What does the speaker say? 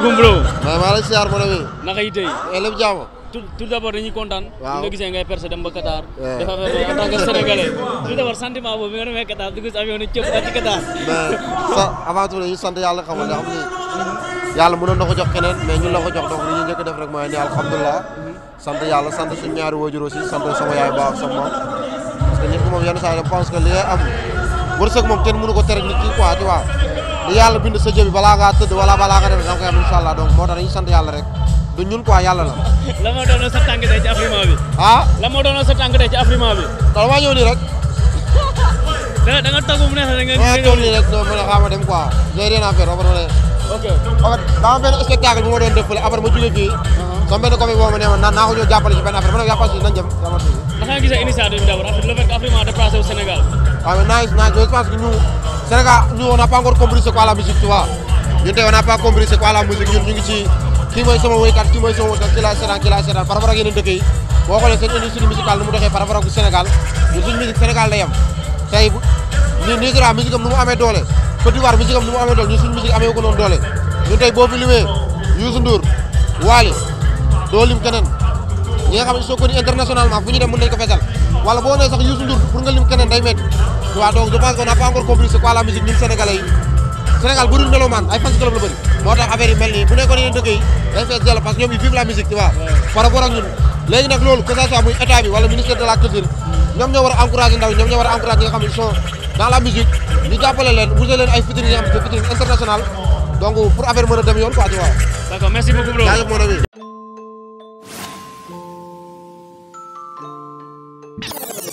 salaamaaleykum bro. waaw maa lay siyaar mon ami. naka yi tey. Eh, lépp jàmm. tout tout d'abord dañuy kontaan. waaw bu ñu gisee ngay percé dem ba Qatar. Eh. dafa en tant que sénégalais. tout d'abord sentiment boobu bi nga demee sant yàlla xamal ne xam ni yàlla na ko jox keneen mais ñun la ko jox donc li ñu njëkk def rek mooy ni alhamdulilah. sant yàlla sant ñaari waajur aussi sant sama yaay baax sama maam parce que ñëpp moom yenn saa yi am wërsëg moom kenn ko tere nit ki quoi tu yàlla iya, bind ah. uh-huh. nah, nah, nah, kan sa jëbi balaa ngaa tëdd wala balaa nga dem da nga am incha donc moo tax dañuy sant yàlla rek du ñun quoi yàlla la. la sa ci Afrima bi. ah la moo doonoon sa tànk tey ci Afrima bi. da maa ñëw nii rek. da nga da mu neex rek. nga ñëw nii rek doo mën a dem quoi. j'ai rien à faire ba pare. ok en fait daa spectacle bu ma doon def après ma jógee fii. sama benn commune boo ma nee ma ko ñëw jàppale ci benn affaire nañ nga initiative le fait au Sénégal. je pense que c'est que nous on n'a pas encore compris c'est quoi la musique tu vois ñun tey on n'a pas compris c'est quoi la musique ñun ñu ngi ci kii mooy sama woykat kii mooy boo xoolee seen nu mu doxee par rapport ak Sénégal ñun suñu musique Sénégal lay tey ñun Nigeria musique nu mu amee doole Côte d'Ivoire musique nu mu amee doole ñun suñu musique amee ko doole ñun tey boo fi limee Youssou Ndour Wally ñi nga xam ne soo ko ni internationalement fu ñu dem mën nañu ko feesal wala boo nee sax Youssou Ndour pour nga lim keneen day métti waaw donc je pense qu'on n'a pas encore compris c'est quoi la musique ñun sénégalais yi Sénégal bëri melomaan ay fans club la bëri moo tax affaire yi mel nii bu nekkoon yeneen dëkk yi day fees dell parce que ñoom yi vivent la musique tu vois par rapport ak ñun léegi nag loolu que ça soit muy état bi wala ministère de la culture ñoom ñoo war a encourager ndaw ñoom ñoo war a encourager ñi nga xam ne ils sont dans la musique ñu jàppale leen wute leen ay vitrines yi am te vitrine internationale donc pour affaire mën a dem yoon quoi tu vois d'accord merci beaucoup Yeah.